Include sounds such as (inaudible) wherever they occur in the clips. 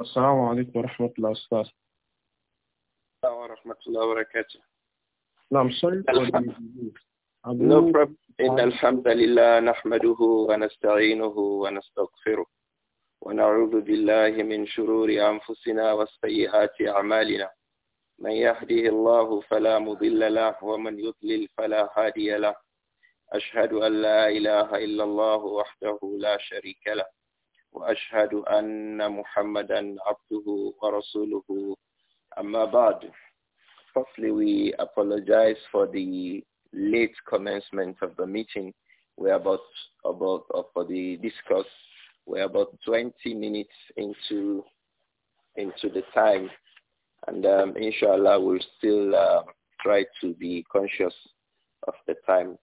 السلام عليكم ورحمة الله أستاذ السلام ورحمة الله وبركاته نعم sorry No إن الحمد لله نحمده ونستعينه ونستغفره ونعوذ بالله من شرور أنفسنا وسيئات أعمالنا من يهده الله فلا مضل له ومن يضلل فلا هادي له أشهد أن لا إله إلا الله وحده لا شريك له وأشهد أن محمدا عبده ورسوله أما بعد Firstly, we apologize for the late commencement of the meeting. We're about, about uh, for the discuss. We're about 20 minutes into into the time, and um, inshallah, we'll still uh, try to be conscious of the time.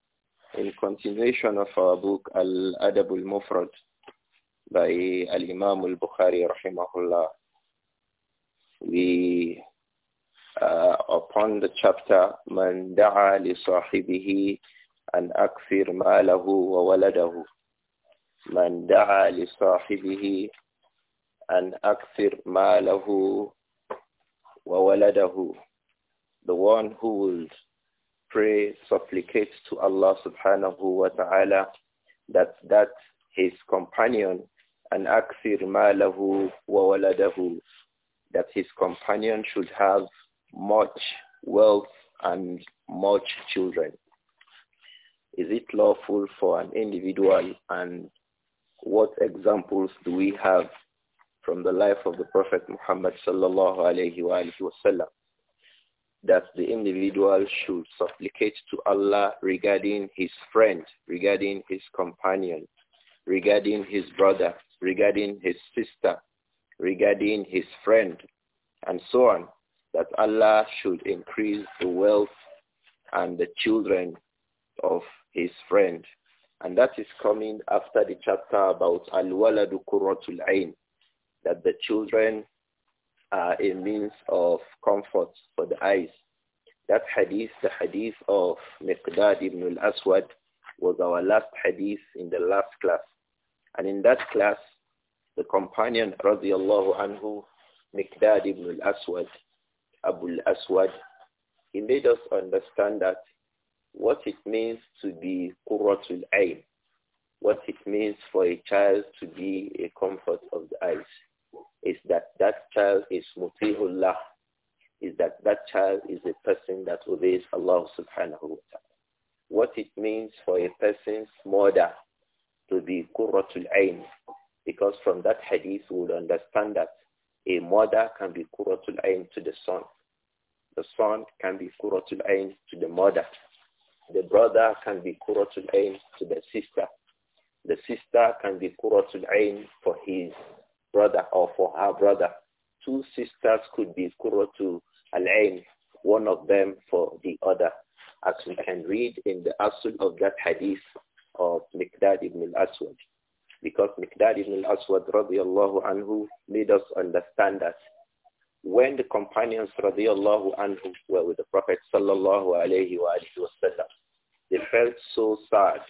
In continuation of our book Al Adabul Mufrad, by Al-Imam al-Bukhari rahimahullah. We, uh, upon the chapter, Man da'a li sahibihi an akfir ma'alahu wa waladahu. Man da'a li sahibihi an akfir ma'alahu wa waladahu. The one who will pray, supplicate to Allah subhanahu wa ta'ala that that his companion and malahu wa waladahu, that his companion should have much wealth and much children. Is it lawful for an individual and what examples do we have from the life of the Prophet Muhammad sallallahu alayhi wa wasallam that the individual should supplicate to Allah regarding his friend, regarding his companion, regarding his brother, regarding his sister, regarding his friend, and so on, that Allah should increase the wealth and the children of his friend. And that is coming after the chapter about Al-Waladu Qurratul Ain, that the children are a means of comfort for the eyes. That hadith, the hadith of Miqdad ibn al-Aswad, was our last hadith in the last class. And in that class, the companion radiallahu anhu, Mikdad ibn al-Aswad, Abu al-Aswad, he made us understand that what it means to be Qurratul Ayn, what it means for a child to be a comfort of the eyes, is that that child is Muti'ullah, is that that child is a person that obeys Allah subhanahu wa ta'ala. What it means for a person's mother to be Qurratul Ayn, because from that hadith, we would understand that a mother can be Quratul Ain to the son. The son can be Quratul Ain to the mother. The brother can be Quratul Ain to the sister. The sister can be Quratul Ain for his brother or for her brother. Two sisters could be Quratul Ain, one of them for the other. As we can read in the Asul of that hadith of Miqdad ibn al-Aswad. Because Miqdad ibn al-Aswad radiallahu anhu made us understand that when the companions radiallahu anhu were with the Prophet sallallahu alayhi wa sallam, they felt so sad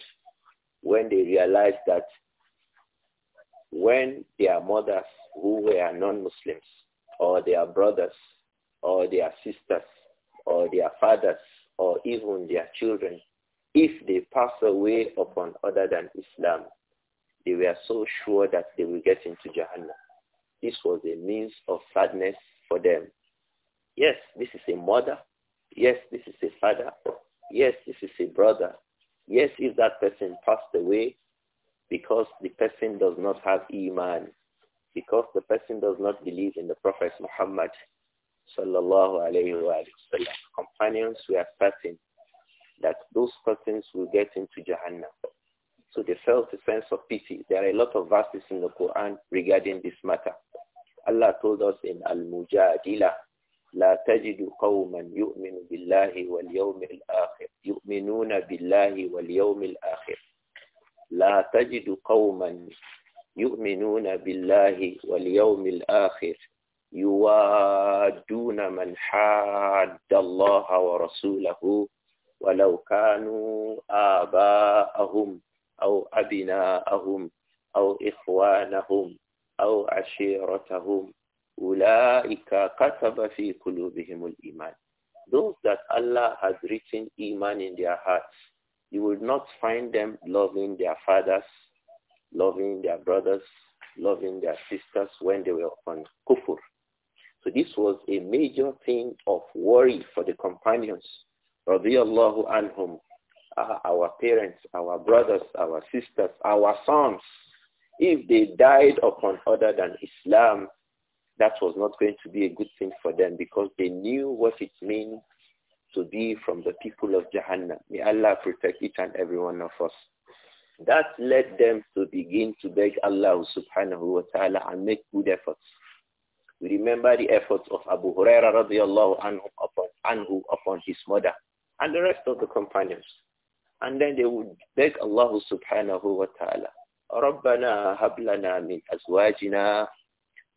when they realized that when their mothers who were non-Muslims or their brothers or their sisters or their fathers or even their children, if they pass away upon other than Islam, they were so sure that they will get into Jahannam. This was a means of sadness for them. Yes, this is a mother. Yes, this is a father. Yes, this is a brother. Yes, if that person passed away because the person does not have Iman, because the person does not believe in the Prophet Muhammad sallallahu alayhi wa sallam. Companions we are certain that those persons will get into Jahannam. So they felt a sense of pity. There are a lot of verses in the Quran regarding this matter. Allah told us in Al-Mujadila, لا تجد قوما يؤمن بالله واليوم الآخر يؤمنون بالله واليوم الآخر لا تجد قوما يؤمنون بالله واليوم الآخر يوادون من حاد الله ورسوله ولو كانوا آباءهم أو أبناءهم أو إخوانهم أو عشيرتهم أولئك كتب في قلوبهم الإيمان Those that Allah has written Iman in their hearts, you will not find them loving their fathers, loving their brothers, loving their sisters when they were on kufur. So this was a major thing of worry for the companions, اَللهُ anhum, uh, our parents, our brothers, our sisters, our sons, if they died upon other than Islam, that was not going to be a good thing for them because they knew what it means to be from the people of Jahannam. May Allah protect each and every one of us. That led them to begin to beg Allah subhanahu wa ta'ala and make good efforts. We remember the efforts of Abu Huraira radiallahu anhu upon, anhu upon his mother and the rest of the companions. And then they would beg Allah subhanahu wa ta'ala, رَبَّنَا هَبْ لَنَا مِنْ أَزْوَاجِنَا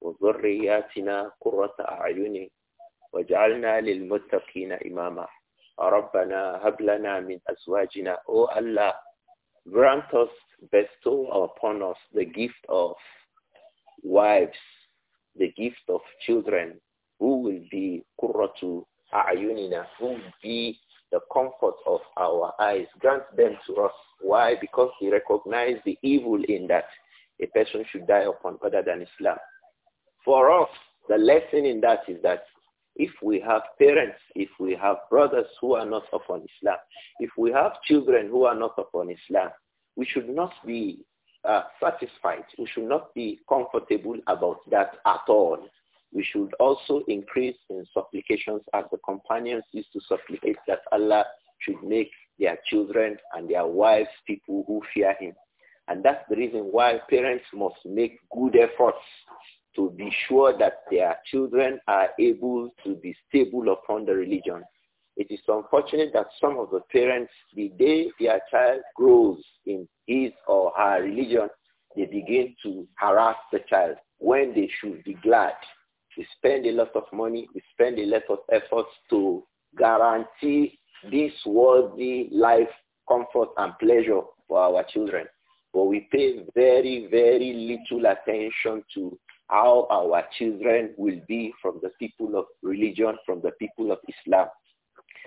وَذُرِّيَّاتِنَا قُرَّةَ أَعْيُنٍ وجعلنا لِلْمُتَّقِينَ إِمَامًا رَبَّنَا هَبْ لَنَا مِنْ أَزْوَاجِنَا O Allah, grant us, bestow upon us the gift of wives, the gift of children, who will be قرة a'yunina, who will be the comfort of our eyes. Grant them to us. Why? Because we recognize the evil in that a person should die upon other than Islam. For us, the lesson in that is that if we have parents, if we have brothers who are not upon Islam, if we have children who are not upon Islam, we should not be uh, satisfied. We should not be comfortable about that at all we should also increase in supplications as the companions used to supplicate that Allah should make their children and their wives people who fear him. And that's the reason why parents must make good efforts to be sure that their children are able to be stable upon the religion. It is unfortunate that some of the parents, the day their child grows in his or her religion, they begin to harass the child when they should be glad we spend a lot of money, we spend a lot of efforts to guarantee this worldly life, comfort and pleasure for our children. But we pay very, very little attention to how our children will be from the people of religion, from the people of Islam.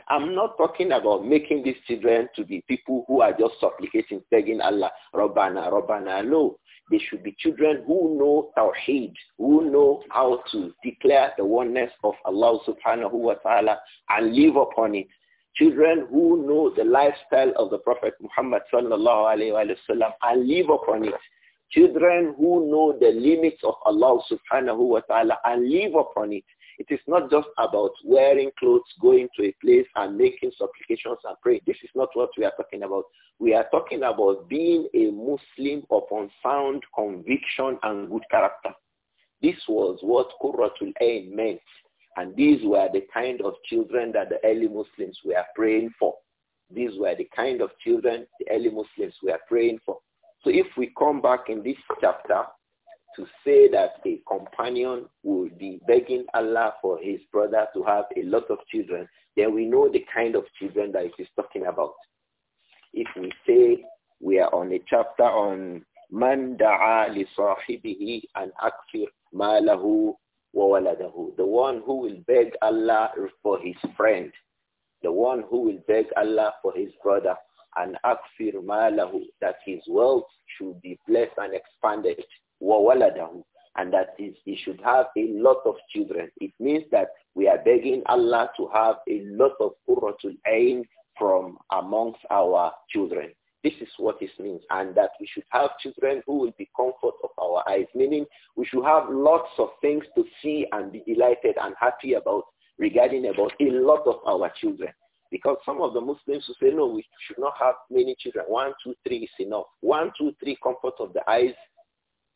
I'm not talking about making these children to be people who are just supplicating, begging Allah, Rabbana, Rabbana. No, they should be children who know Tawheed, who know how to declare the oneness of Allah subhanahu wa ta'ala and live upon it. Children who know the lifestyle of the Prophet Muhammad sallallahu alayhi wa sallam and live upon it. Children who know the limits of Allah subhanahu wa ta'ala and live upon it it is not just about wearing clothes, going to a place and making supplications and praying. This is not what we are talking about. We are talking about being a Muslim upon sound conviction and good character. This was what Kuratul Ain meant. And these were the kind of children that the early Muslims were praying for. These were the kind of children the early Muslims were praying for. So if we come back in this chapter, to say that a companion would be begging Allah for his brother to have a lot of children, then we know the kind of children that he's talking about. If we say we are on a chapter on man da'a li sahibihi an akfir ma lahu wa waladahu, the one who will beg Allah for his friend, the one who will beg Allah for his brother, and akfir malahu, that his wealth should be blessed and expanded. وَوَلَدَهُ and that is, he should have a lot of children. It means that we are begging Allah to have a lot of qurratul ain from amongst our children. This is what it means, and that we should have children who will be comfort of our eyes, meaning we should have lots of things to see and be delighted and happy about regarding about a lot of our children. Because some of the Muslims who say, no, we should not have many children. One, two, three is enough. One, two, three, comfort of the eyes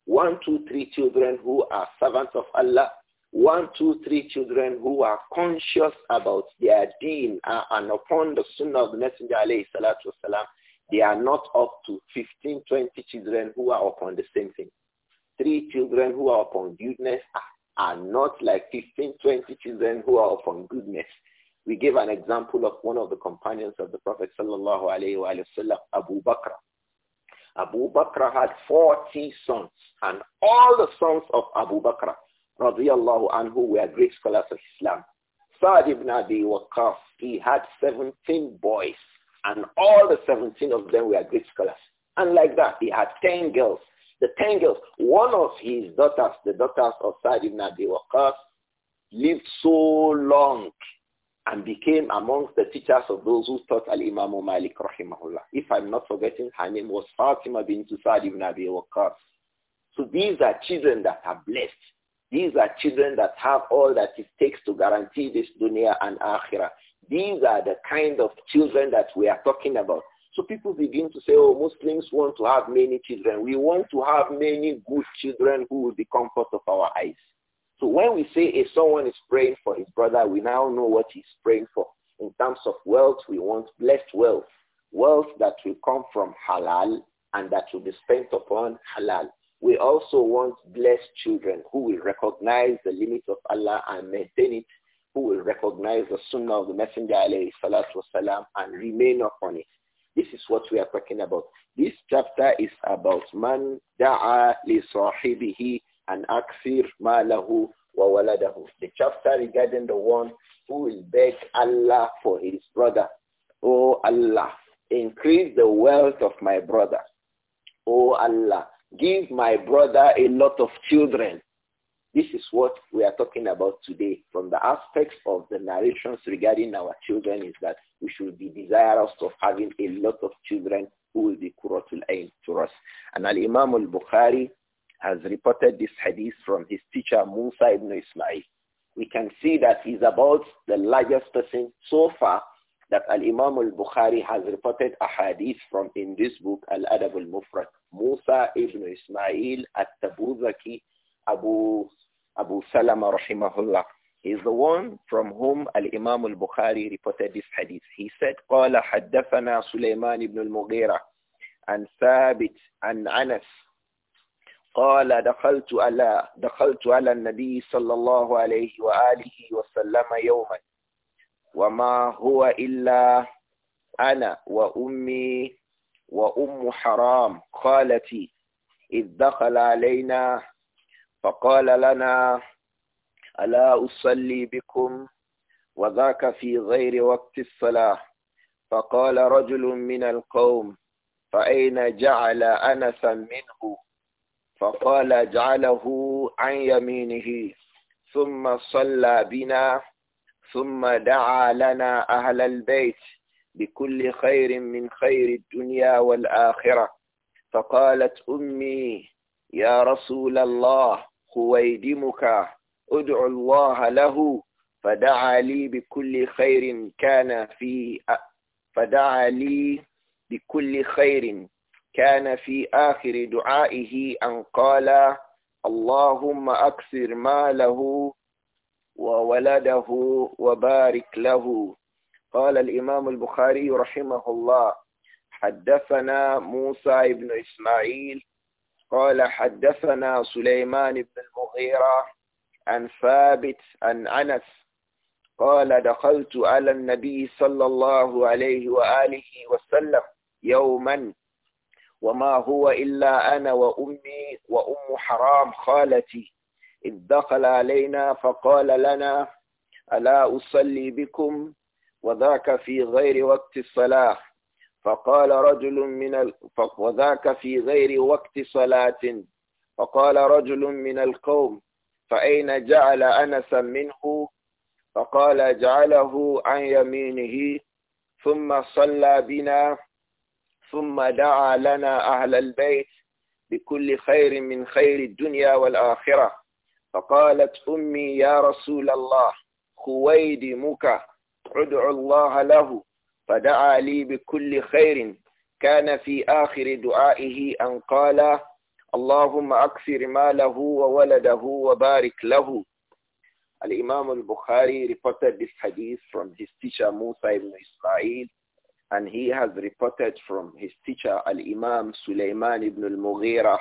one, two, three children who are servants of Allah, one, two, three children who are conscious about their deen uh, and upon the sunnah of the Messenger alayhi salatu wasalam, they are not up to 15, 20 children who are upon the same thing. Three children who are upon goodness are, not like 15, 20 children who are upon goodness. We give an example of one of the companions of the Prophet sallallahu alayhi wa sallam, Abu Bakr Abu Bakr had 40 sons, and all the sons of Abu Bakr, radiallahu anhu, were great scholars of Islam. Sa'd ibn Abi Waqqas, he had 17 boys, and all the 17 of them were great scholars. And like that, he had 10 girls. The 10 girls, one of his daughters, the daughters of Sa'd ibn Abi Waqqas, lived so long and became amongst the teachers of those who taught Al-Imam Malik rahimahullah. If I'm not forgetting, her name was Fatima bin Sa'd ibn Abi Waqqas. So these are children that are blessed. These are children that have all that it takes to guarantee this dunya and akhirah. These are the kind of children that we are talking about. So people begin to say, oh, Muslims want to have many children. We want to have many good children who will be comfort of our eyes. So when we say if someone is praying for his brother, we now know what he's praying for. In terms of wealth, we want blessed wealth, wealth that will come from halal and that will be spent upon halal. We also want blessed children who will recognize the limit of Allah and maintain it, who will recognize the sunnah of the Messenger alayhi and remain upon it. This is what we are talking about. This chapter is about man da'a li sahibihi and aksir malahu wa waladahu. The chapter regarding the one who will beg Allah for his brother. Oh Allah, increase the wealth of my brother. Oh Allah, give my brother a lot of children. This is what we are talking about today. From the aspects of the narrations regarding our children is that we should be desirous of having a lot of children who will be Quratul Ain to us. And Al-Imam al-Bukhari has reported this hadith from his teacher Musa ibn Ismail. We can see that he's about the largest person so far that Al-Imam al-Bukhari has reported a hadith from in this book, Al-Adab al-Mufrad. Musa ibn Ismail at-Tabuzaki Abu, Abu Salama rahimahullah. He's the one from whom Al-Imam al-Bukhari reported this hadith. He said, قال حدثنا سليمان al-Mughira عن ثابت عن أنس قال دخلت على دخلت على النبي صلى الله عليه وآله وسلم يوما وما هو إلا أنا وأمي وأم حرام خالتي إذ دخل علينا فقال لنا ألا أصلي بكم وذاك في غير وقت الصلاة فقال رجل من القوم فأين جعل أنسا منه فقال اجعله عن يمينه ثم صلى بنا ثم دعا لنا أهل البيت بكل خير من خير الدنيا والآخرة فقالت أمي يا رسول الله خويدمك ادعو الله له فدعا لي بكل خير كان في فدعا لي بكل خير كان في آخر دعائه أن قال اللهم أكثر ماله وولده وبارك له قال الإمام البخاري رحمه الله حدثنا موسى بن إسماعيل قال حدثنا سليمان بن المغيرة عن ثابت عن أنس قال دخلت على النبي صلى الله عليه وآله وسلم يوما وما هو إلا أنا وأمي وأم حرام خالتي إذ دخل علينا فقال لنا ألا أصلي بكم وذاك في غير وقت الصلاة فقال رجل من ال... وذاك في غير وقت صلاة فقال رجل من القوم فأين جعل أنسا منه فقال جعله عن يمينه ثم صلى بنا ثم دعا لنا أهل البيت بكل خير من خير الدنيا والآخرة فقالت أمي يا رسول الله خويد مكة ادع الله له فدعا لي بكل خير كان في آخر دعائه أن قال اللهم أكثر ماله وولده وبارك له al البخاري bukhari reported this hadith from his teacher Musa ibn Ismail and he has reported from his teacher Al-Imam Sulaiman ibn al-Mughira.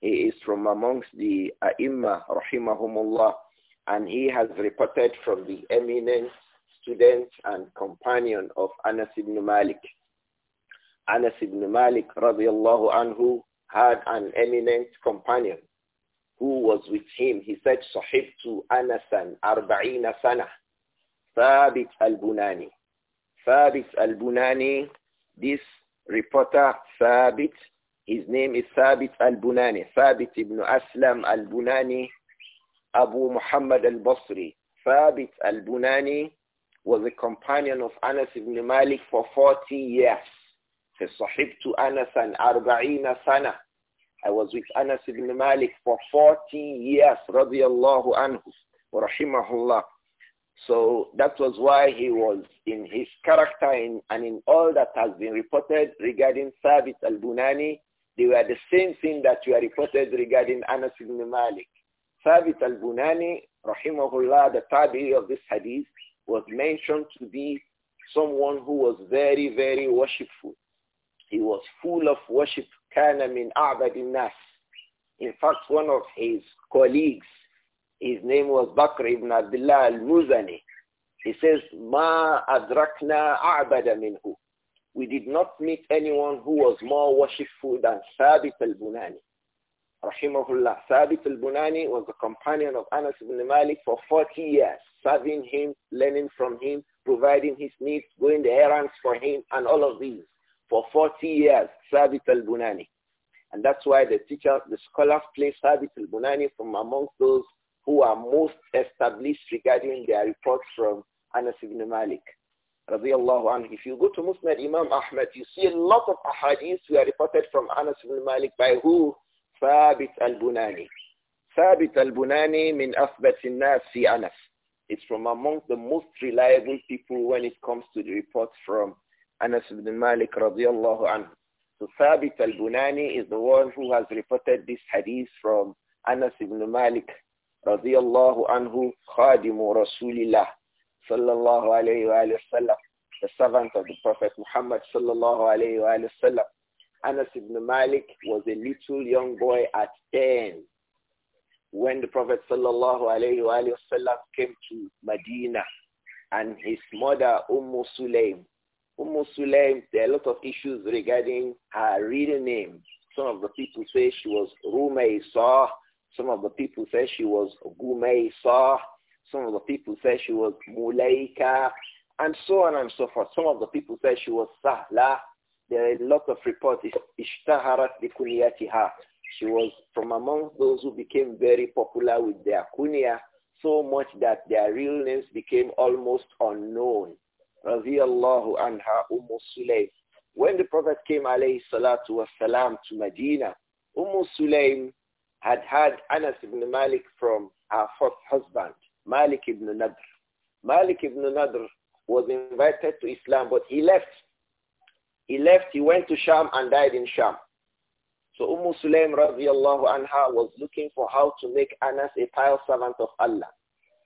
He is from amongst the A'imma rahimahumullah and he has reported from the eminent student and companion of Anas ibn Malik. Anas ibn Malik radiallahu anhu had an eminent companion who was with him. He said, Sahib to Anasan arba'ina sana, Thabit al-Bunani. Sabit al-Bunani, this reporter Sabit, his name is Sabit al-Bunani, Sabit ibn Aslam al-Bunani, Abu Muhammad al-Basri. Sabit al-Bunani was a companion of Anas ibn Malik for 40 years. فصحبت أنسا أربعين سنة I was with Anas ibn Malik for 40 years رضي الله عنه ورحمه الله so that was why he was in his character in, and in all that has been reported regarding Sabit al-Bunani, they were the same thing that were reported regarding Anas ibn Malik. Sabit al-Bunani, rahimahullah, the tabi of this hadith, was mentioned to be someone who was very, very worshipful. He was full of worship, kana min a'badin nas. In fact, one of his colleagues his name was Bakr ibn Abdullah al-Muzani. He says, Ma adrakna a'bada minhu. We did not meet anyone who was more worshipful than Thabit al-Bunani. Rahimahullah. Thabit al-Bunani was a companion of Anas ibn Malik for 40 years, serving him, learning from him, providing his needs, going the errands for him, and all of these. For 40 years, Thabit al-Bunani. And that's why the teacher, the scholars place Thabit al-Bunani from amongst those who are most established regarding their reports from Anas ibn Malik. If you go to Musnad Imam Ahmad, you see a lot of ahadith were reported from Anas ibn Malik by who? Thabit al-Bunani. Thabit al-Bunani min athbat nas Anas. It's from among the most reliable people when it comes to the reports from Anas ibn Malik radiallahu anhu. So Thabit al-Bunani is the one who has reported this hadith from Anas ibn Malik رضي الله عنه خادم رسول الله صلى الله عليه وآله وسلم the servant of the Prophet Muhammad صلى الله عليه وآله وسلم Anas ibn Malik was a little young boy at 10 when the Prophet sallallahu alayhi wa came to Medina and his mother Umm Sulaim. Umm Sulaim, there are a lot of issues regarding her real name. Some of the people say she was Rumaysa some of the people say she was Gumaysa. Some of the people say she was Mulaika. And so on and so forth. Some of the people say she was Sahla. There are a lot of reports. Ishtaharat bikunyatiha. She was from among those who became very popular with their kunya so much that their real names became almost unknown. Radiallahu anha Umm Sulaym. When the Prophet came alayhi salatu wasalam to Medina, Umm had had Anas ibn Malik from her first husband, Malik ibn Nadr. Malik ibn Nadr was invited to Islam, but he left. He left, he went to Sham and died in Sham. So Umm Sulaim radiallahu anha was looking for how to make Anas a pious servant of Allah.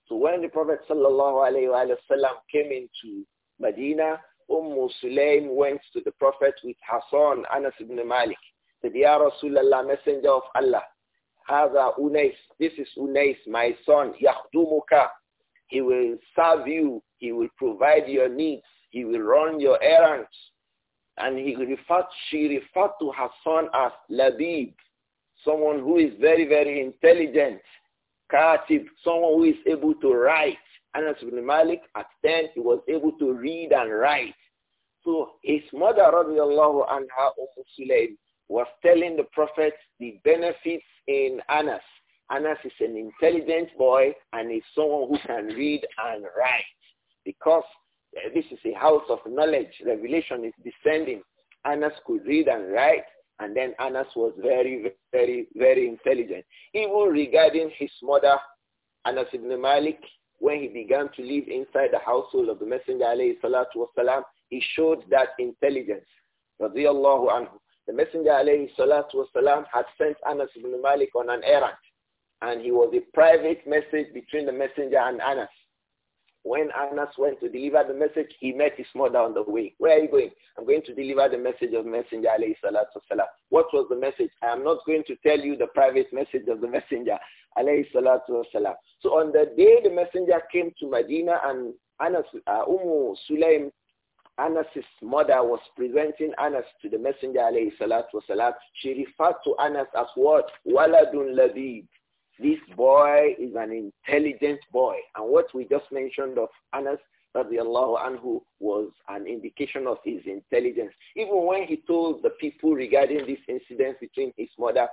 So when the Prophet sallallahu alayhi wa sallam came into Medina, Umm Sulaim went to the Prophet with her son Anas ibn Malik. Said, Ya Rasulallah, messenger of Allah, Haza Unais. This is Unais, my son. Yahdumuka. He will serve you. He will provide your needs. He will run your errands. And he referred, she referred to her son as Labib, someone who is very, very intelligent. creative, someone who is able to write. Anas ibn Malik, at 10, he was able to read and write. So his mother, radiallahu anha, Umm Sulaim, was telling the prophet the benefits in Anas. Anas is an intelligent boy and is someone who can read and write because eh, this is a house of knowledge. Revelation is descending. Anas could read and write and then Anas was very, very, very intelligent. Even regarding his mother, Anas ibn Malik, when he began to live inside the household of the Messenger, والسلام, he showed that intelligence. Radiallahu anhu. The Messenger alayhi salatu wasalam had sent Anas ibn Malik on an errand and he was a private message between the messenger and Anas. When Anas went to deliver the message, he met his mother on the way. Where are you going? I'm going to deliver the message of Messenger alayhi salatu wasalam. What was the message? I am not going to tell you the private message of the messenger alayhi salatu wasalam. So on the day the messenger came to Medina and Anas, uh, Umm Sulaim Anas's mother was presenting Anas to the Messenger alayhi salatu wasalam, she referred to Anas as what? Waladun Labid. This boy is an intelligent boy. And what we just mentioned of Anas radiallahu anhu was an indication of his intelligence. Even when he told the people regarding this incident between his mother,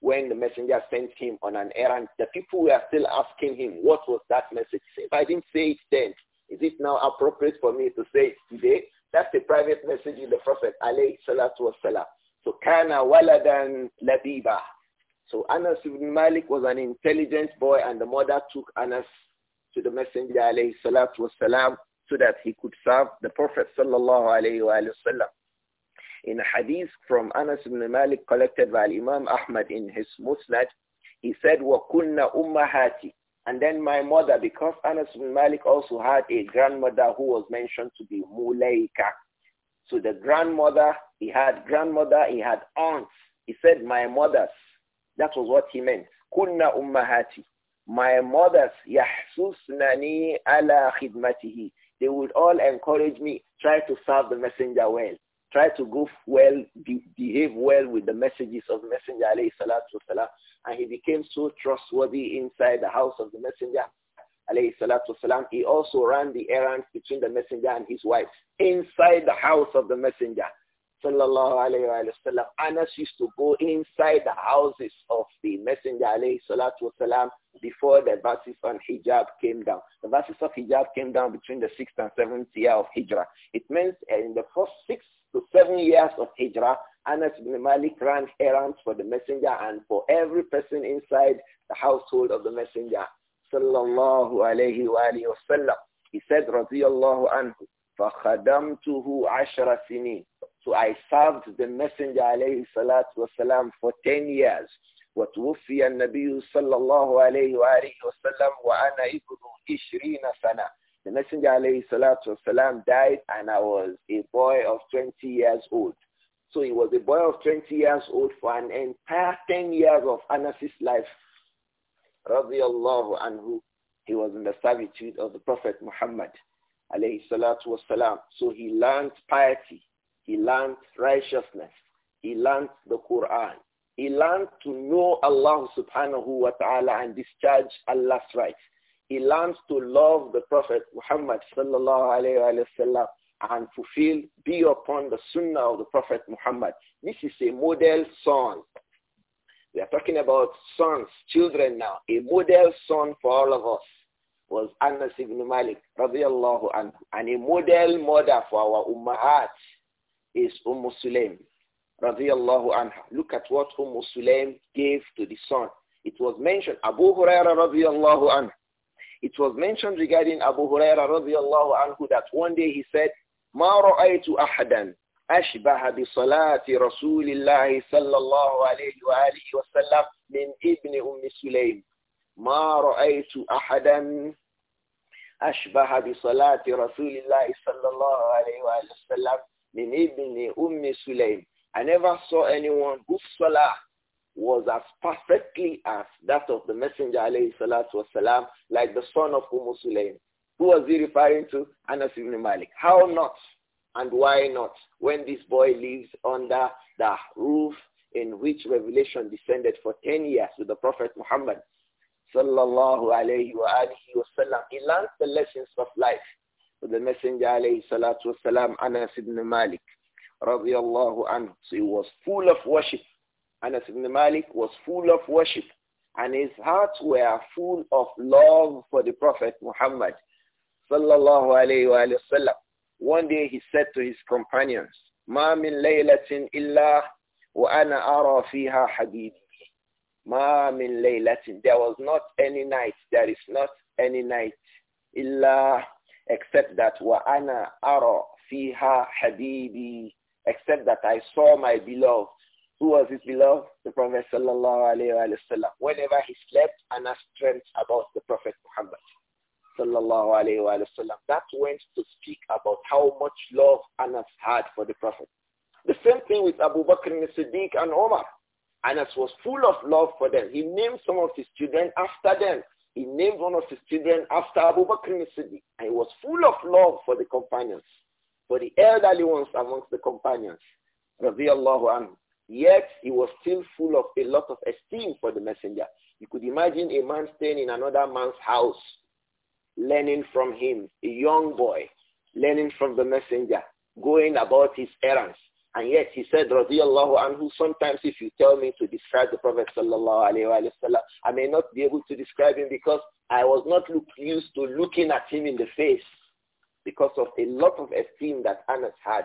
when the messenger sent him on an errand, the people were still asking him, what was that message? If I didn't say it then, is it now appropriate for me to say it today? That's a private message in the Prophet alayhi salatu wasalam. So kana waladan labiba. So Anas ibn Malik was an intelligent boy and the mother took Anas to the Messenger alayhi salatu wasalam so that he could serve the Prophet sallallahu alayhi wa sallam. In a hadith from Anas ibn Malik collected by Imam Ahmad in his Musnad, he said, وَكُنَّ ummahati." And then my mother, because Anas bin Malik also had a grandmother who was mentioned to be Mulaika. So the grandmother, he had grandmother, he had aunts. He said, my mothers. That was what he meant. Kunna ummahati. My mothers, yahsusnani ala khidmatihi. They would all encourage me, try to serve the messenger well. Try to go well, be, behave well with the messages of Messenger alayhi salatu wasalam. And he became so trustworthy inside the house of the Messenger alayhi salatu wasalam. He also ran the errands between the Messenger and his wife inside the house of the Messenger sallallahu alayhi wa sallam. Anas used to go inside the houses of the Messenger alayhi salatu wasalam before the verses on hijab came down. The verses of hijab came down between the 6th and 7th year of Hijrah. It means in the first six so seven years of hijrah, Anas bin Malik ran errands for the messenger and for every person inside the household of the messenger. Sallallahu alayhi wa alayhi wa sallam. He said, radiyallahu anhu, فَخَدَمْتُهُ عَشْرَ سِنِينَ So I served the messenger alayhi salatu salam, for 10 years. وتوفي النبي صلى الله عليه وآله وسلم وأنا ابن na سنة the Messenger alayhi salatu wasalam died and I was a boy of 20 years old. So he was a boy of 20 years old for an entire 10 years of Anas's life. and who He was in the servitude of the Prophet Muhammad alayhi So he learned piety. He learned righteousness. He learned the Quran. He learned to know Allah subhanahu wa ta'ala and discharge Allah's rights he learns to love the Prophet Muhammad sallallahu alayhi wa and fulfill, be upon the sunnah of the Prophet Muhammad. This is a model son. We are talking about sons, children now. A model son for all of us was Anas ibn Malik radiallahu anhu. And a model mother for our ummahat is Umm Sulaim radiallahu anha. Look at what Umm Sulaim gave to the son. It was mentioned, Abu Huraira radiallahu anhu it was mentioned regarding Abu Huraira radiallahu anhu that one day he said, ما رأيت أحدا أشبه بصلاة رسول الله صلى الله عليه وآله وسلم من ابن أم سليم ما رأيت أحدا أشبه بصلاة رسول الله صلى الله عليه وآله وسلم من ابن أم سليم I never saw anyone whose salah was as perfectly as that of the Messenger alayhi salatu wasalam, like the son of Umm Sulaim. Who was he referring to? Anas ibn Malik. How not? And why not? When this boy lives under the roof in which revelation descended for 10 years to the Prophet Muhammad sallallahu alayhi wa alihi wasallam. He learned the lessons of life with the Messenger alayhi salatu wasalam, Anas ibn Malik radiallahu anhu. So he was full of worship Anas ibn Malik was full of worship and his hearts were full of love for the Prophet Muhammad sallallahu alayhi wa sallam. One day he said to his companions, ما من ليلة إلا وأنا أرى فيها حديدي. ما من ليلة. There was not any night. There is not any night. إلا except that وأنا أرى فيها حديدي. Except that I saw my beloved. Who was his beloved? The Prophet sallallahu alayhi wa Whenever he slept, Anas dreamt about the Prophet Muhammad sallallahu alayhi wa That went to speak about how much love Anas had for the Prophet. The same thing with Abu Bakr and Siddiq and Omar. Anas was full of love for them. He named some of his children after them. He named one of his children after Abu Bakr and Siddiq. And he was full of love for the companions, for the elderly ones amongst the companions. Radiallahu anhu. Yet he was still full of a lot of esteem for the messenger. You could imagine a man staying in another man's house, learning from him, a young boy, learning from the messenger, going about his errands. And yet he said, radiallahu anhu, sometimes if you tell me to describe the Prophet sallallahu alaihi wasallam, I may not be able to describe him because I was not look, used to looking at him in the face because of a lot of esteem that Anas had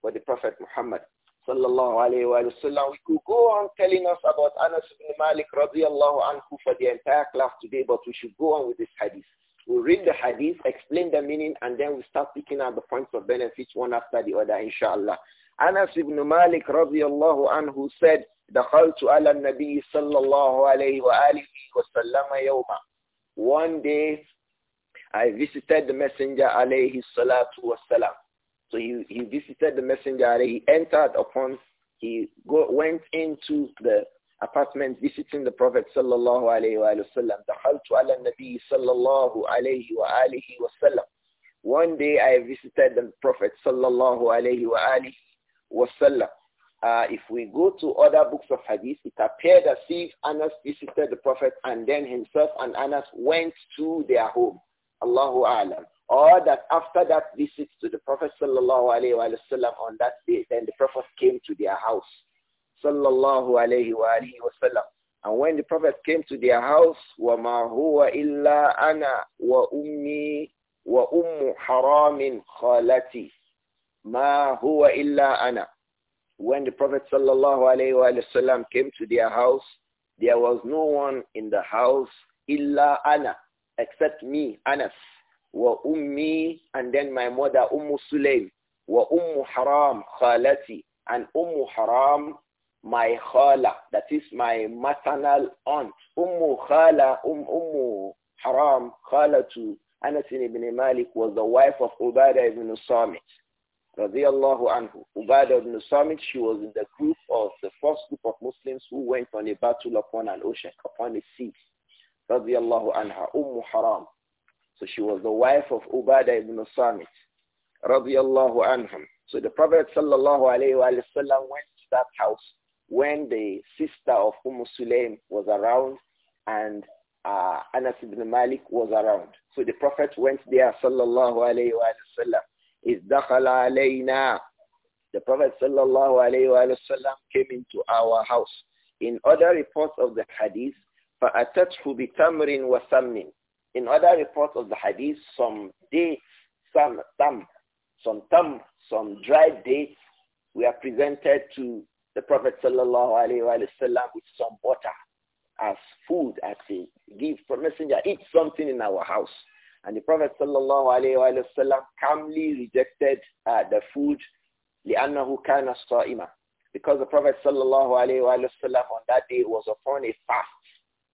for the Prophet Muhammad sallallahu alayhi wa sallam. We could go on telling us about Anas ibn Malik radiallahu anhu for the entire class today, but we should go on with this hadith. We'll read the hadith, explain the meaning, and then we'll start picking out the points of benefits one after the other, inshallah. Anas ibn Malik radiallahu anhu said, دخلت على النبي صلى الله عليه وآله وسلم يوما. One day, I visited the messenger alayhi salatu wasalam. So he, he visited the messenger. He entered upon, he go, went into the apartment visiting the Prophet sallallahu alayhi wa sallam. Dakhaltu ala nabi sallallahu alayhi wa alihi wa sallam. One day I visited the Prophet sallallahu alayhi wa alihi wa sallam. Uh, if we go to other books of hadith, it appeared as if Anas visited the Prophet and then himself and Anas went to their home. Allahu A'lam or that after that visit to the Prophet sallallahu alaihi wasallam on that day, then the Prophet came to their house sallallahu alaihi wasallam. And when the Prophet came to their house, wa ma huwa illa ana wa ummi wa ummu haramin خَالَتِي ma huwa illa ana. When the Prophet sallallahu alaihi wasallam came to their house, there was no one in the house, illa ana except me, Anas wa ummi, and then my mother Ummu Sulaym, wa Ummu Haram, khalati, and Ummu Haram, my khala, that is my maternal aunt. Ummu khala, um, Ummu Haram, khalatu, Anas ibn Malik was the wife of Ubadah ibn Samit. Radiallahu anhu. Ubadah ibn Samit, she was in the group of the first group of Muslims who went on a battle upon an ocean, upon a sea. Radiallahu anha. Ummu Haram. So she was the wife of Ubadah ibn Samit, radiallahu anhum. So the Prophet sallallahu alayhi wa went to that house when the sister of Umm Sulaim was around and uh, Anas ibn Malik was around. So the Prophet went there sallallahu alayhi wa sallam. دخل the Prophet sallallahu alayhi wa sallam came into our house. In other reports of the hadith, فَأَتَتْهُ بِتَمْرٍ وَسَمٍ in other reports of the hadith, some dates, some some some tam, some dried dates were presented to the Prophet sallallahu alaihi wasallam with some butter as food, as a gift from messenger. Eat something in our house. And the Prophet sallallahu alaihi wasallam calmly rejected uh, the food لأنه كان صائما because the Prophet sallallahu alaihi wasallam on that day was upon a fast.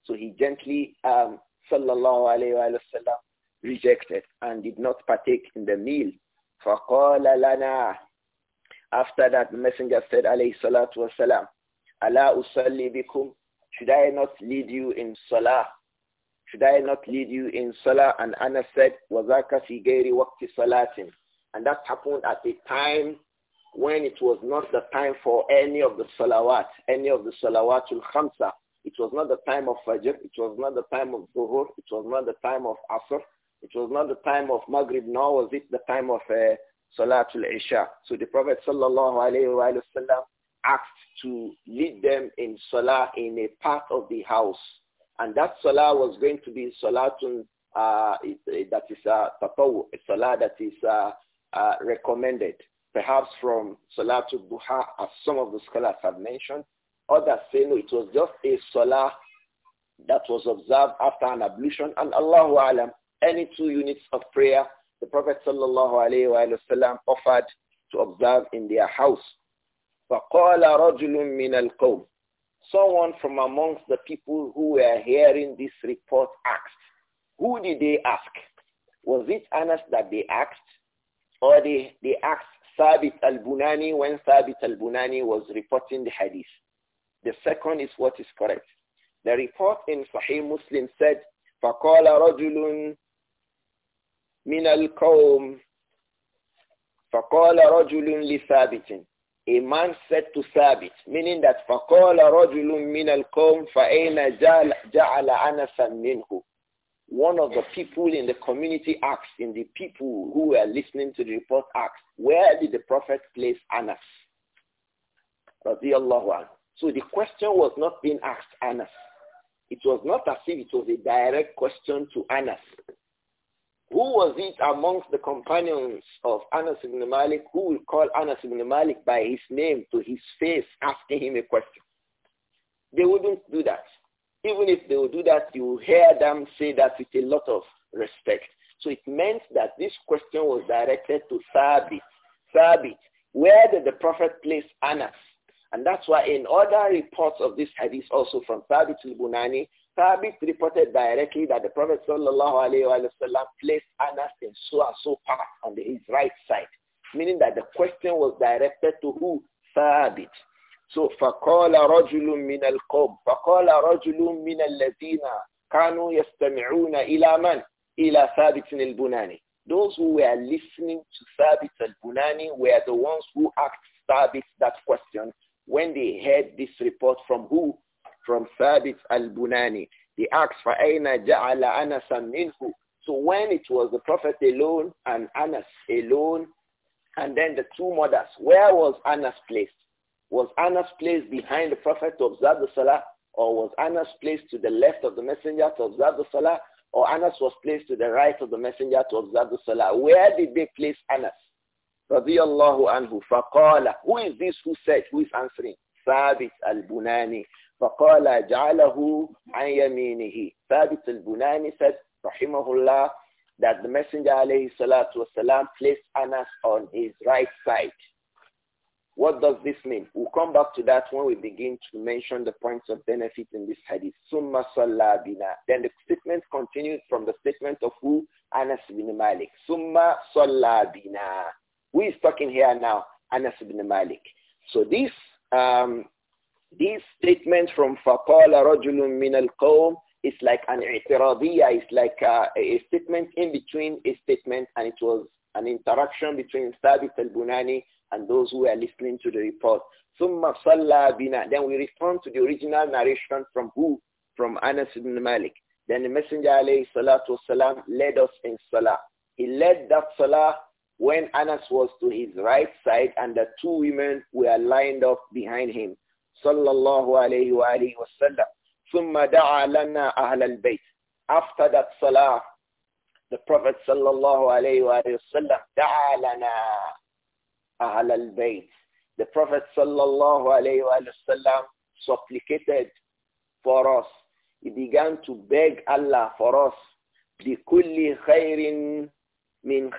So he gently um, sallallahu alayhi wa sallam rejected and did not partake in the meal. فَقَالَ لَنَا After that, the messenger said, alayhi salatu wa salam, أَلَا أُصَلِّ بِكُمْ Should I not lead you in salah? Should I not lead you in salah? And Anna said, وَذَاكَ فِي غَيْرِ وَقْتِ صَلَاتٍ And that happened at a time when it was not the time for any of the salawat, any of the salawatul khamsa. It was not the time of Fajr. It was not the time of Zuhur. It was not the time of Asr. It was not the time of Maghrib, nor was it the time of uh, Salatul Isha. So the Prophet sallallahu asked to lead them in Salah in a part of the house. And that Salah was going to be Salatun, uh, that is a uh, tatawu, a Salah that is uh, uh, recommended, perhaps from Salatul Duha, as some of the scholars have mentioned, Others say, no, it was just a salah that was observed after an ablution. And Allahu Alam, any two units of prayer the Prophet sallallahu offered to observe in their house. So one Someone from amongst the people who were hearing this report asked, who did they ask? Was it Anas that they asked? Or they, they asked Sabit al-Bunani when Sabit al-Bunani was reporting the hadith? The second is what is correct. The report in Sahih Muslim said, فَقَالَ رَجُلٌ مِنَ الْقَوْمِ فَقَالَ رَجُلٌ لِثَابِتٍ A man said to Thabit, meaning that فَقَالَ رَجُلٌ مِنَ الْقَوْمِ فَأَيْنَ جَعَلَ أَنَسًا مِنْهُ One of the people in the community asked, in the people who were listening to the report asked, where did the Prophet place Anas? رضي الله عنه so the question was not being asked Anas. It was not as if it was a direct question to Anas. Who was it amongst the companions of Anas ibn Malik who will call Anas ibn Malik by his name to his face asking him a question? They wouldn't do that. Even if they would do that, you hear them say that with a lot of respect. So it meant that this question was directed to Thabit. Thabit, where did the Prophet place Anas? And that's why in other reports of this hadith also from Thabit al-Bunani, Thabit reported directly that the Prophet sallallahu placed Anas in so and so part on his right side, meaning that the question was directed to who? Thabit. So فَقَالَ رَجُلٌ مِّنَ الْقَوْمِ فَقَالَ رَجُلٌ مِّنَ الَّذِينَ كَانُوا يَسْتَمِعُونَ إِلَى مَنْ إِلَى ثَابِتٍ الْبُنَانِ Those who were listening to Thabit al-Bunani were the ones who asked Thabit that question when they heard this report from who? From Thabit al-Bunani. They asked, فَأَيْنَ Ja'ala Anas minhu. So when it was the Prophet alone and Anas alone, and then the two mothers, where was Anas placed? Was Anas placed behind the Prophet to observe the Salah? Or was Anas placed to the left of the messenger to observe the Salah? Or Anas was placed to the right of the messenger to observe the Salah? Where did they place Anas? radiyallahu anhu, فَقَالَ Who is this who said, who is answering? ثابت البناني فقال جعله عن يمينه al-Bunani said رحمه الله that the messenger عليه الصلاة والسلام placed Anas on his right side what does this mean? We'll come back to that when we begin to mention the points of benefit in this hadith. Summa bina. Then the statement continues from the statement of who? Anas bin Malik. Summa bina. Who is talking here now? Anas ibn Malik. So this um, this statement from فَقَالَ رَجُلٌ مِّنَ الْقَوْمِ is like an i'tiradiyya, it's like a, uh, a, statement in between a statement and it was an interaction between Thabit al-Bunani and those who were listening to the report. ثُمَّ صَلَّى بِنَا Then we return to the original narration from who? From Anas ibn Malik. Then the Messenger alayhi salatu led us in salah. He led that salah when Anas was to his right side and the two women were lined up behind him. Sallallahu alayhi wa alayhi wa sallam. ثُمَّ دَعَى لَنَا أَهْلَ الْبَيْتِ After that salah, the Prophet sallallahu alayhi wa sallam دَعَى لَنَا أَهْلَ الْبَيْتِ The Prophet sallallahu alayhi wa sallam supplicated for us. He began to beg Allah for us. بِكُلِّ خَيْرٍ min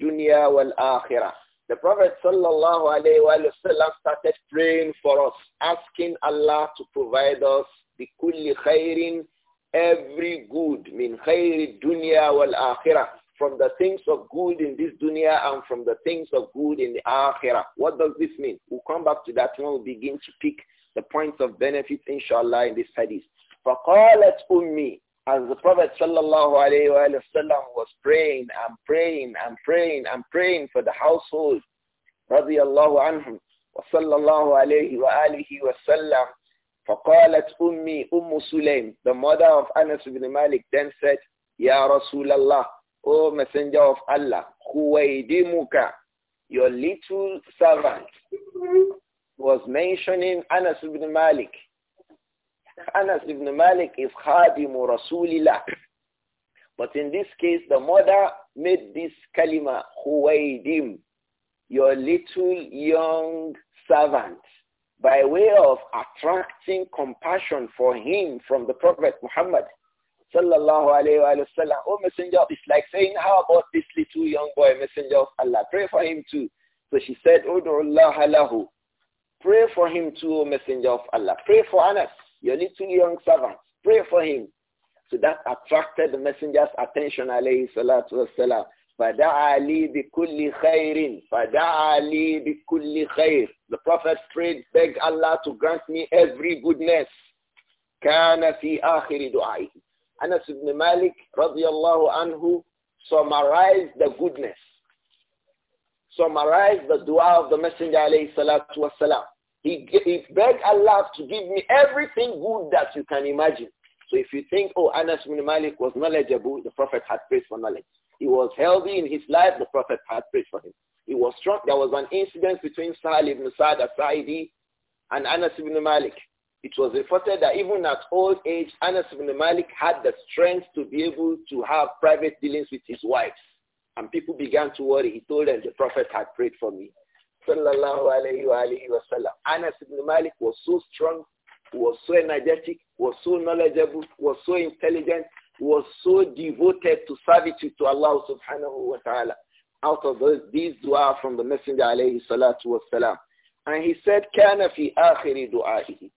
dunya wal akhirah. The Prophet sallallahu alayhi wa started praying for us, asking Allah to provide us the kulli khairin, every good, min khayri dunya wal akhirah, from the things of good in this dunya and from the things of good in the akhirah. What does this mean? We'll come back to that when we begin to pick the points of benefit, inshallah, in this hadith. فقالت أمي as the Prophet sallallahu alayhi wa sallam was praying and praying and praying and praying for the household, radiallahu anhum, وصلى الله عليه wa وسلم فقالت أمي أم سليم the mother of Anas ibn Malik then said يا رسول الله O messenger of Allah خويدمك your little servant was mentioning Anas ibn Malik Anas ibn Malik is khadimu Rasulillah. But in this case, the mother made this kalima, huwaidim, your little young servant, by way of attracting compassion for him from the Prophet Muhammad. Sallallahu alayhi wa sallam. Oh, messenger, it's like saying, how about this little young boy, messenger of Allah? Pray for him too. So she said, Udu'ullaha lahu. Pray for him too, messenger of Allah. Pray for Anas your little young servant, pray for him. So that attracted the messenger's attention, alayhi salatu wasalam. فَدَعَ لِي بِكُلِّ خَيْرٍ فَدَعَ لِي بِكُلِّ خَيْرٍ The prophet prayed, beg Allah to grant me every goodness. Kana fi آخِرِ دُعَائِهِ Anas ibn Malik, radiallahu anhu, summarized the goodness. Summarized the dua of the messenger, alayhi salatu wasalam. He, he begged Allah to give me everything good that you can imagine. So if you think, oh, Anas bin Malik was knowledgeable, the Prophet had praise for knowledge. He was healthy in his life, the Prophet had praise for him. He was strong. There was an incident between Sahal ibn Sa'd al-Sa'idi and Anas ibn Malik. It was reported that even at old age, Anas ibn Malik had the strength to be able to have private dealings with his wives. And people began to worry. He told them, the Prophet had prayed for me sallallahu alayhi wa alayhi wa sallam. Anas ibn Malik was so strong, was so energetic, was so knowledgeable, was so intelligent, was so devoted to servitude to Allah subhanahu wa ta'ala. Out of those, these dua from the Messenger alayhi salatu was salam. And he said, كَانَ فِي آخِرِ دُعَائِهِ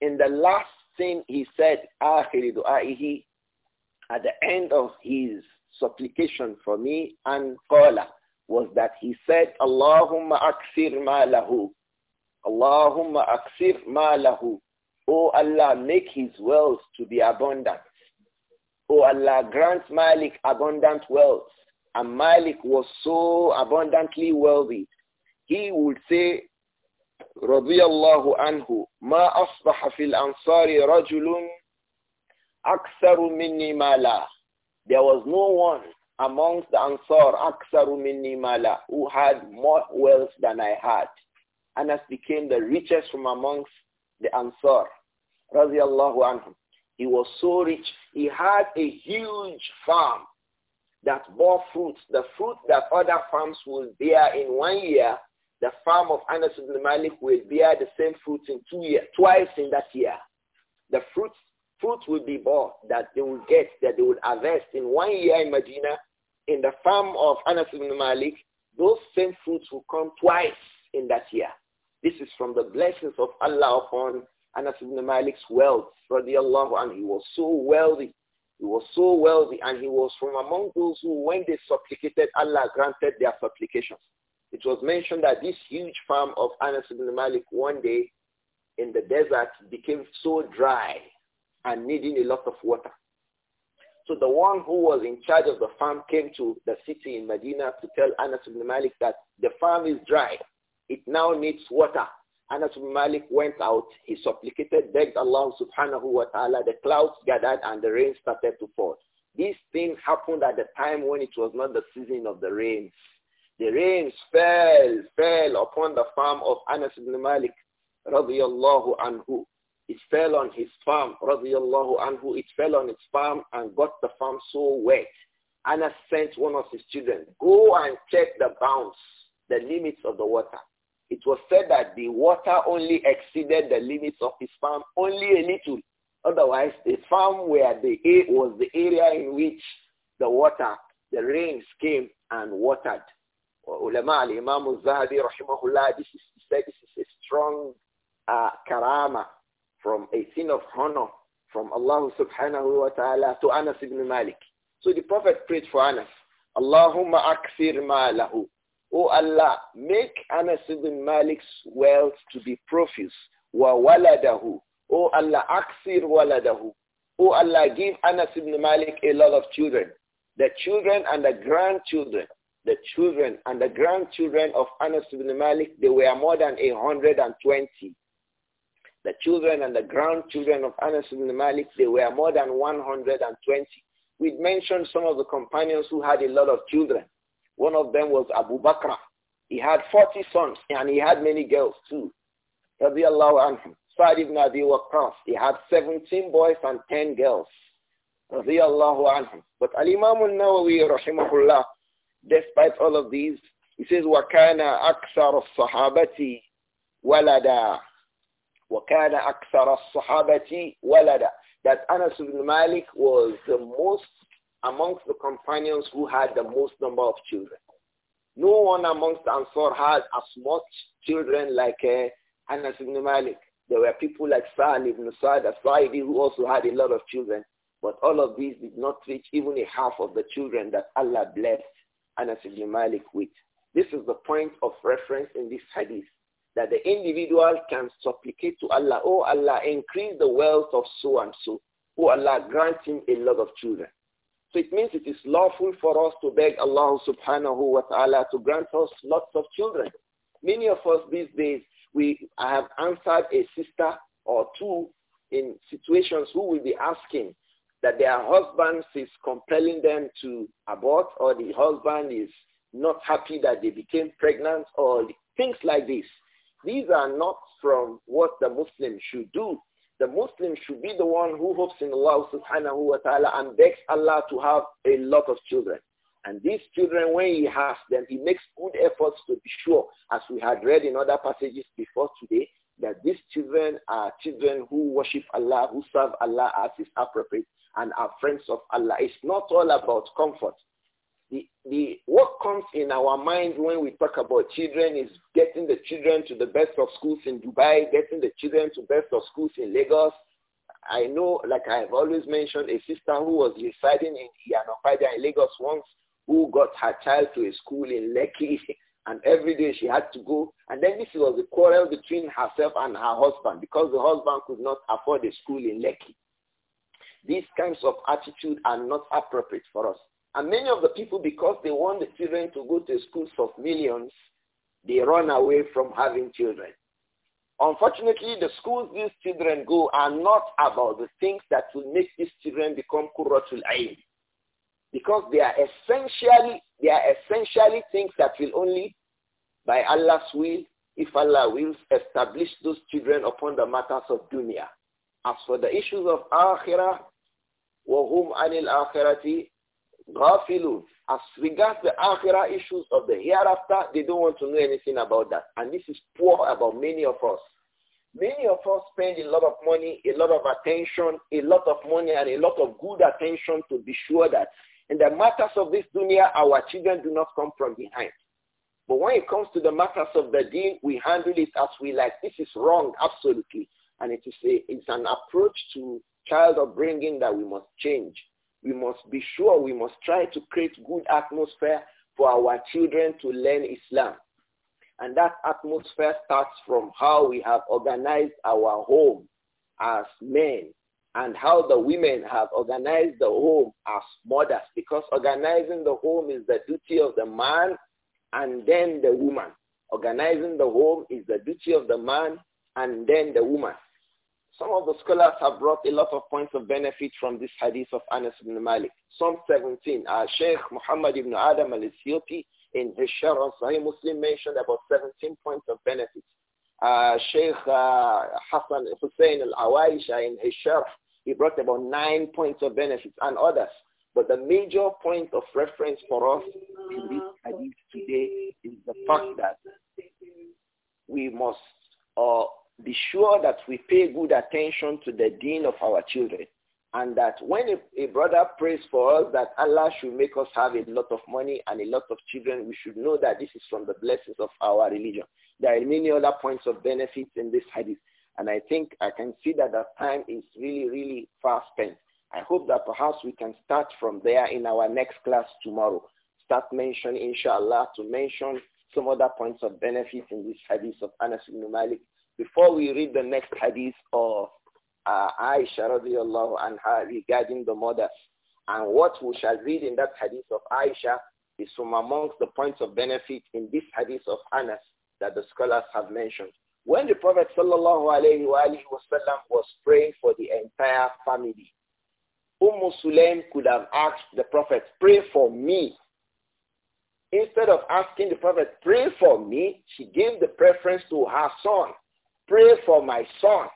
In the last thing he said, آخِرِ دُعَائِهِ At the end of his supplication for me, and قَالَ was that he said, Allahumma aksir ma lahu. Allahumma aksir ma lahu. O Allah, make his wealth to be abundant. O Allah, grant Malik abundant wealth. And Malik was so abundantly wealthy. He would say, رضي الله عنه ما أصبح في الأنصار رجل أكثر مني مالا. There was no one amongst the Ansar, Aksaru minni mala, who had more wealth than I had. Anas became the richest from amongst the Ansar, radiallahu anhum. He was so rich, he had a huge farm that bore fruits, the fruit that other farms will bear in one year, the farm of Anas ibn Malik will bear the same fruits in two years, twice in that year. The fruits fruit will be bought that they will get, that they will harvest in one year in Medina in the farm of Anas ibn Malik, those same fruits will come twice in that year. This is from the blessings of Allah upon Anas ibn Malik's wealth, Allah, He was so wealthy. He was so wealthy and he was from among those who, when they supplicated, Allah granted their supplications. It was mentioned that this huge farm of Anas ibn Malik one day in the desert became so dry and needing a lot of water. So the one who was in charge of the farm came to the city in Medina to tell Anas ibn Malik that the farm is dry. It now needs water. Anas ibn Malik went out. He supplicated, begged Allah subhanahu wa ta'ala. The clouds gathered and the rain started to fall. This thing happened at the time when it was not the season of the rains. The rains fell, fell upon the farm of Anas ibn Malik radiyallahu anhu. It fell on his farm, radiallahu anhu. It fell on his farm and got the farm so wet. Anna sent one of his children, go and check the bounds, the limits of the water. It was said that the water only exceeded the limits of his farm only a little. Otherwise, the farm where the was the area in which the water, the rains came and watered. Ulama al-Imam al-Zahabi, rahimahullah, this is, this is a strong uh, karama from a sin of honor from Allah subhanahu wa ta'ala to Anas ibn Malik. So the Prophet prayed for Anas. Allahumma akfir ma'lahu. O Allah, make Anas ibn Malik's wealth to be profuse. Wa waladahu. O Allah, akfir waladahu. O Allah, give Anas ibn Malik a lot of children. The children and the grandchildren. The children and the grandchildren of Anas ibn Malik, they were more than 120. The children and the grandchildren of Anas ibn Malik, they were more than 120. We'd mentioned some of the companions who had a lot of children. One of them was Abu Bakr. He had 40 sons and he had many girls too. Radiallahu anhu. Sa'd ibn Abi Waqqas, he had 17 boys and 10 girls. Radiallahu anhu. But Al-Imam al-Nawawi rahimahullah, despite all of these, he says, وَكَانَ أَكْثَرُ الصَّحَابَةِ وَلَدًا وَكَانَ أَكْثَرَ الصَّحَابَةِ وَلَدًا That Anas ibn Malik was the most amongst the companions who had the most number of children. No one amongst Ansar had as much children like uh, Anas ibn Malik. There were people like Sa'al ibn Sa'ad al-Sa'idi who also had a lot of children. But all of these did not reach even a half of the children that Allah blessed Anas ibn Malik with. This is the point of reference in this hadith that the individual can supplicate to Allah, oh Allah, increase the wealth of so and so. Oh Allah, grant him a lot of children. So it means it is lawful for us to beg Allah subhanahu wa ta'ala to grant us lots of children. Many of us these days, we have answered a sister or two in situations who will be asking that their husband is compelling them to abort or the husband is not happy that they became pregnant or things like this. These are not from what the Muslim should do. The Muslim should be the one who hopes in Allah subhanahu wa ta'ala and begs Allah to have a lot of children. And these children, when he has them, he makes good efforts to be sure, as we had read in other passages before today, that these children are children who worship Allah, who serve Allah as is appropriate, and are friends of Allah. It's not all about comfort. The, the, what comes in our mind when we talk about children is getting the children to the best of schools in Dubai, getting the children to best of schools in Lagos. I know, like I've always mentioned, a sister who was residing in Ianopaja in Lagos once who got her child to a school in Lekki (laughs) and every day she had to go. And then this was a quarrel between herself and her husband because the husband could not afford a school in Lekki. These kinds of attitude are not appropriate for us. And many of the people, because they want the children to go to schools of millions, they run away from having children. Unfortunately, the schools these children go are not about the things that will make these children become Qurratul ayn, Because they are essentially, they are essentially things that will only, by Allah's will, if Allah wills, establish those children upon the matters of dunya. As for the issues of akhirah, وَهُمْ عَنِ الْآخِرَةِ as regards the akhirah issues of the hereafter, they don't want to know anything about that. And this is poor about many of us. Many of us spend a lot of money, a lot of attention, a lot of money, and a lot of good attention to be sure that in the matters of this dunya, our children do not come from behind. But when it comes to the matters of the deen, we handle it as we like. This is wrong, absolutely. And it is a, it's an approach to child upbringing that we must change. We must be sure, we must try to create good atmosphere for our children to learn Islam. And that atmosphere starts from how we have organized our home as men and how the women have organized the home as mothers because organizing the home is the duty of the man and then the woman. Organizing the home is the duty of the man and then the woman. Some of the scholars have brought a lot of points of benefit from this hadith of Anas ibn Malik. Psalm 17, uh, Sheikh Muhammad ibn Adam al-Ethiopi in his Sharh on Sahih Muslim mentioned about 17 points of benefit. Uh, Sheikh uh, Hassan Hussein al-Awaisha in his Sharh he brought about nine points of benefits and others. But the major point of reference for us in this hadith today is the fact that we must uh, be sure that we pay good attention to the deen of our children. And that when a, a, brother prays for us that Allah should make us have a lot of money and a lot of children, we should know that this is from the blessings of our religion. There are many other points of benefits in this hadith. And I think I can see that the time is really, really fast spent. I hope that perhaps we can start from there in our next class tomorrow. Start mentioning, inshallah, to mention some other points of benefits in this hadith of Anas ibn Malik before we read the next hadith of uh, Aisha radiallahu anha regarding the mother, and what we shall read in that hadith of Aisha is from amongst the points of benefit in this hadith of Anas that the scholars have mentioned. When the Prophet sallallahu alayhi wa was praying for the entire family, Umm Sulaim could have asked the Prophet, pray for me. Instead of asking the Prophet, pray for me, she gave the preference to her son pray for my son.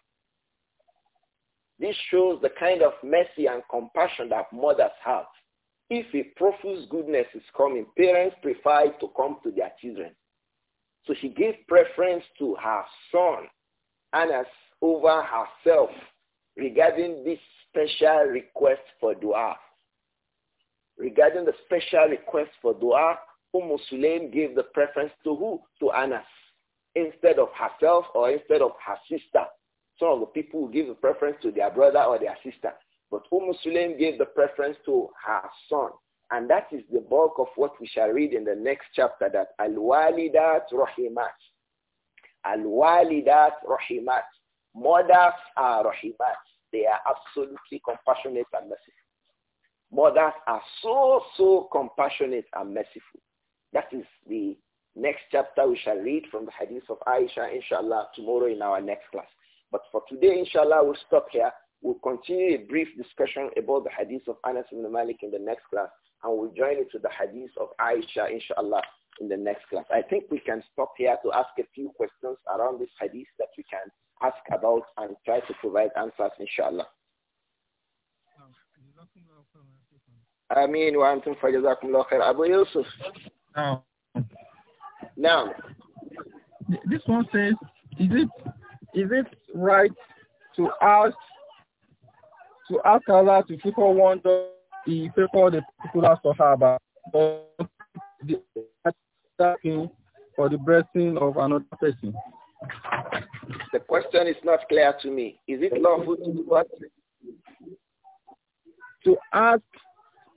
This shows the kind of mercy and compassion that mothers have. If a profuse goodness is coming, parents prefer to come to their children. So she gave preference to her son, Anas, over herself regarding this special request for dua. Regarding the special request for dua, Umm Sulaim gave the preference to who? To Anas instead of herself or instead of her sister. Some of the people will give the preference to their brother or their sister. But Umm Sulaim gave the preference to her son. And that is the bulk of what we shall read in the next chapter that Al-Walidat Rahimat. Al-Walidat Rahimat. Mothers are Rahimat. They are absolutely compassionate and merciful. Mothers are so, so compassionate and merciful. That is the Next chapter we shall read from the hadith of Aisha, inshallah, tomorrow in our next class. But for today, inshallah, we'll stop here. We'll continue a brief discussion about the hadith of Anas ibn Malik in the next class, and we'll join it to the hadith of Aisha, inshallah, in the next class. I think we can stop here to ask a few questions around this hadith that we can ask about and try to provide answers, inshallah. Ameen wa antum fa jazakum Abu Yusuf. Now, this one says, is it is it right to ask to ask Allah to favor one that he favored the particular Sahaba or the for the blessing of another person? The question is not clear to me. Is it lawful to do what? To ask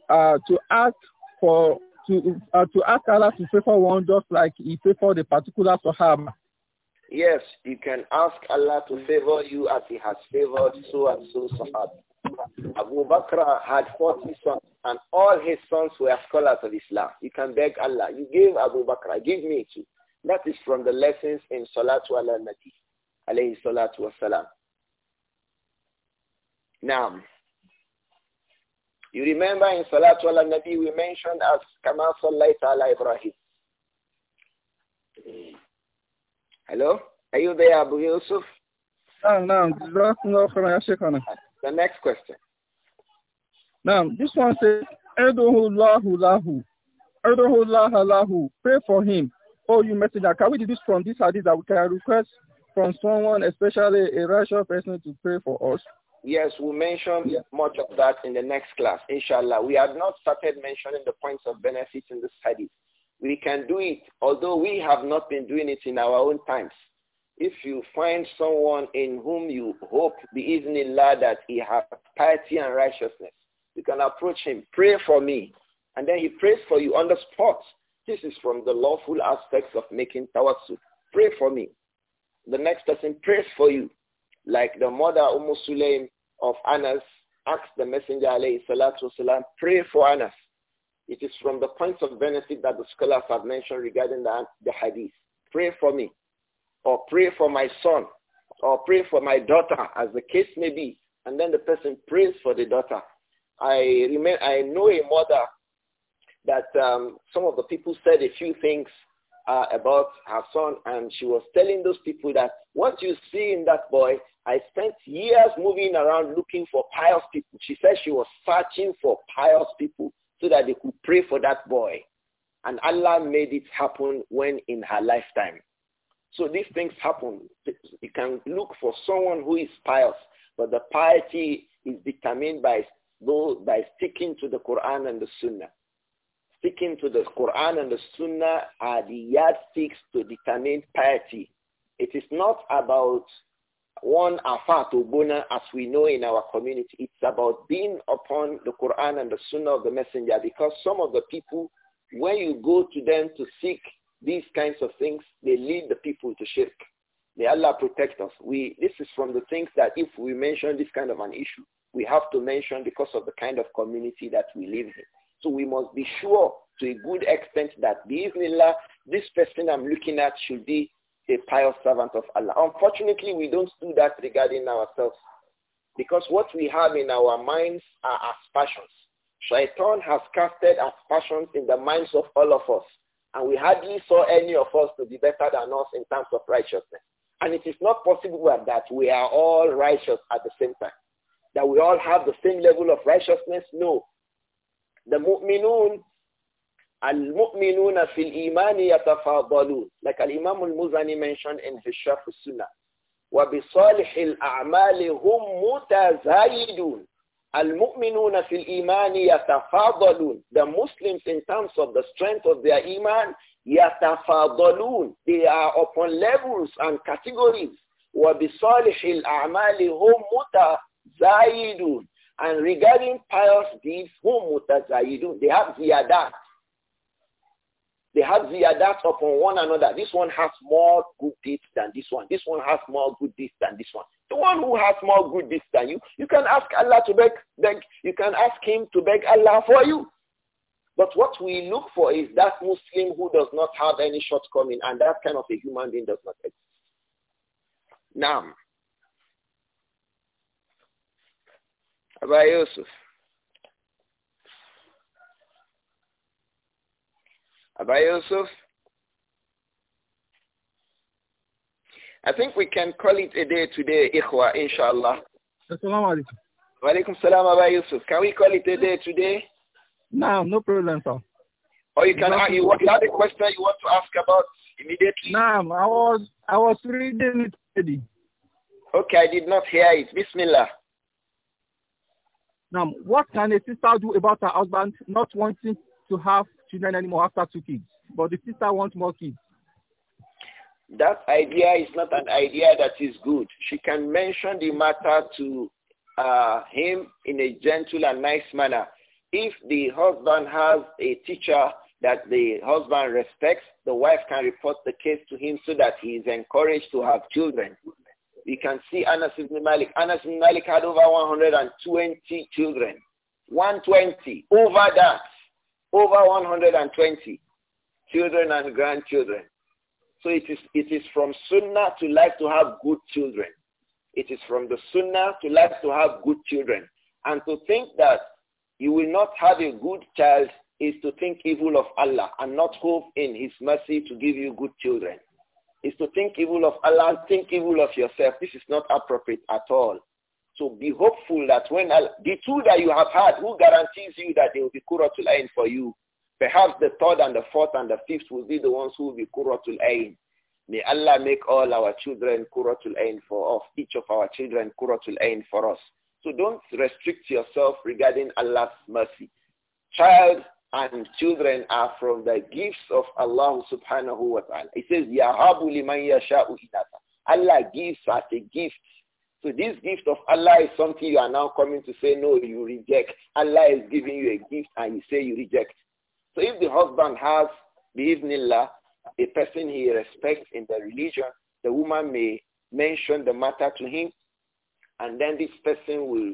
uh, to ask for to uh, to ask Allah to favor one just like he favored the particular Sahab. Yes, you can ask Allah to favor you as he has favored so and so Sahab. Abu Bakr had 40 sons and all his sons were scholars of Islam. You can beg Allah, you give Abu Bakr, give me too. That is from the lessons in Salatu ala Nabi, alayhi salatu wasalam. Now, you remember in Salatu ala Nabi we mentioned as Kama Sallaita ala Ibrahim. Hello? Are you there, Abu Yusuf? No, ah, no. The next question. Now, this one says, lahu lahu. laha lahu. Pray for him. Oh, you messenger. Can we do this from this hadith that we can request from someone, especially a righteous person, to pray for us? Yes, we mentioned yeah. much of that in the next class, inshallah. We have not started mentioning the points of benefits in the study. We can do it, although we have not been doing it in our own times. If you find someone in whom you hope, Allah that he has piety and righteousness, you can approach him, pray for me, and then he prays for you on the spot. This is from the lawful aspects of making tawassul. Pray for me. The next person prays for you. Like the mother Umm Sulaim of Anas asked the Messenger alayhi salatu wasalam, pray for Anas. It is from the points of benefit that the scholars have mentioned regarding the, the hadith. Pray for me, or pray for my son, or pray for my daughter, as the case may be. And then the person prays for the daughter. I, remain, I know a mother that um, some of the people said a few things uh, about her son and she was telling those people that what you see in that boy, I spent years moving around looking for pious people. She said she was searching for pious people so that they could pray for that boy. And Allah made it happen when in her lifetime. So these things happen. You can look for someone who is pious, but the piety is determined by, by sticking to the Quran and the Sunnah sticking to the Quran and the Sunnah are the yardsticks to determine piety. It is not about one afar to bona as we know in our community. It's about being upon the Quran and the Sunnah of the Messenger because some of the people, when you go to them to seek these kinds of things, they lead the people to shirk. May Allah protect us. We, this is from the things that if we mention this kind of an issue, we have to mention because of the kind of community that we live in. So we must be sure to a good extent that Bismillah, this person I'm looking at should be a pious servant of Allah. Unfortunately, we don't do that regarding ourselves because what we have in our minds are aspersions. Shaitan has casted aspersions in the minds of all of us, and we hardly saw any of us to be better than us in terms of righteousness. And it is not possible that we are all righteous at the same time, that we all have the same level of righteousness. No, the mu'minun, al-mu'minuna fil imani yatafadalun. Like al-Imam al-Muzani mentioned in his Shaf sunnah وبصالح الأعمال هم al المؤمنون في الإيمان يتفاضلون The Muslims in terms of the strength of their iman يتفاضلون They are upon levels and categories wa bi salih al الأعمال هم متزايدون and regarding pious deeds, whom mutazayidun, they have adapt, They have adapt upon one another. This one has more good deeds than this one. This one has more good deeds than this one. The one who has more good deeds than you, you can ask Allah to beg, beg, you can ask him to beg Allah for you. But what we look for is that Muslim who does not have any shortcoming and that kind of a human being does not exist. Now, about Yusuf? About Yusuf? I think we can call it a day today, Ikhwa, inshallah. Assalamu alaikum. Wa salam, Abba Yusuf. Can we call it a day today? No, no problem, sir. Or you can ask, you, you have a question you want to ask about immediately? No, I was, I was reading it already. Okay, I did not hear it. Bismillah. Now, what can a sister do about her husband not wanting to have children anymore after two kids, but the sister wants more kids? That idea is not an idea that is good. She can mention the matter to uh, him in a gentle and nice manner. If the husband has a teacher that the husband respects, the wife can report the case to him so that he is encouraged to have children. We can see Anas ibn Malik. Anas ibn Malik had over 120 children. 120. Over that. Over 120 children and grandchildren. So it is, it is from sunnah to like to have good children. It is from the sunnah to like to have good children. And to think that you will not have a good child is to think evil of Allah and not hope in his mercy to give you good children is to think evil of Allah, think evil of yourself. This is not appropriate at all. So be hopeful that when Allah, the two that you have had, who guarantees you that they will be Quratul Ain for you? Perhaps the third and the fourth and the fifth will be the ones who will be Quratul Ain. May Allah make all our children Quratul Ain for us, each of our children Quratul Ain for us. So don't restrict yourself regarding Allah's mercy. Child and children are from the gifts of Allah subhanahu wa ta'ala. It says, Yahabu liman yasha'u inata. Allah gives as a gift. So this gift of Allah is something you are now coming to say, no, you reject. Allah is giving you a gift and you say you reject. So if the husband has, bi'idhnillah, a person he respects in the religion, the woman may mention the matter to him and then this person will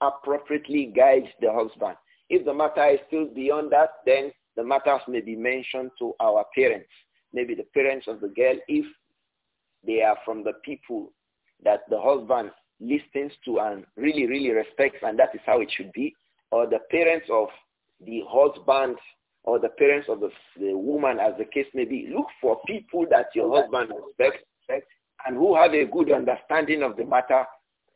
appropriately guide the husband. If the matter is still beyond that, then the matters may be mentioned to our parents. Maybe the parents of the girl, if they are from the people that the husband listens to and really, really respects, and that is how it should be, or the parents of the husband or the parents of the, the woman, as the case may be, look for people that your husband respects and who have a good understanding of the matter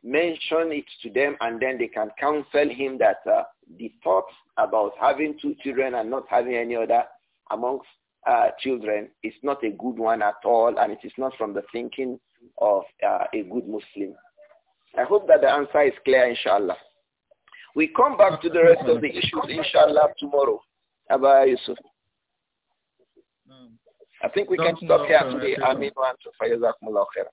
mention it to them and then they can counsel him that uh, the thoughts about having two children and not having any other amongst uh, children is not a good one at all and it is not from the thinking of uh, a good Muslim. I hope that the answer is clear, inshallah. We come back to the rest of the issues, inshallah, tomorrow. Abba Yusuf. I think we can stop here today. Amin wa khairan.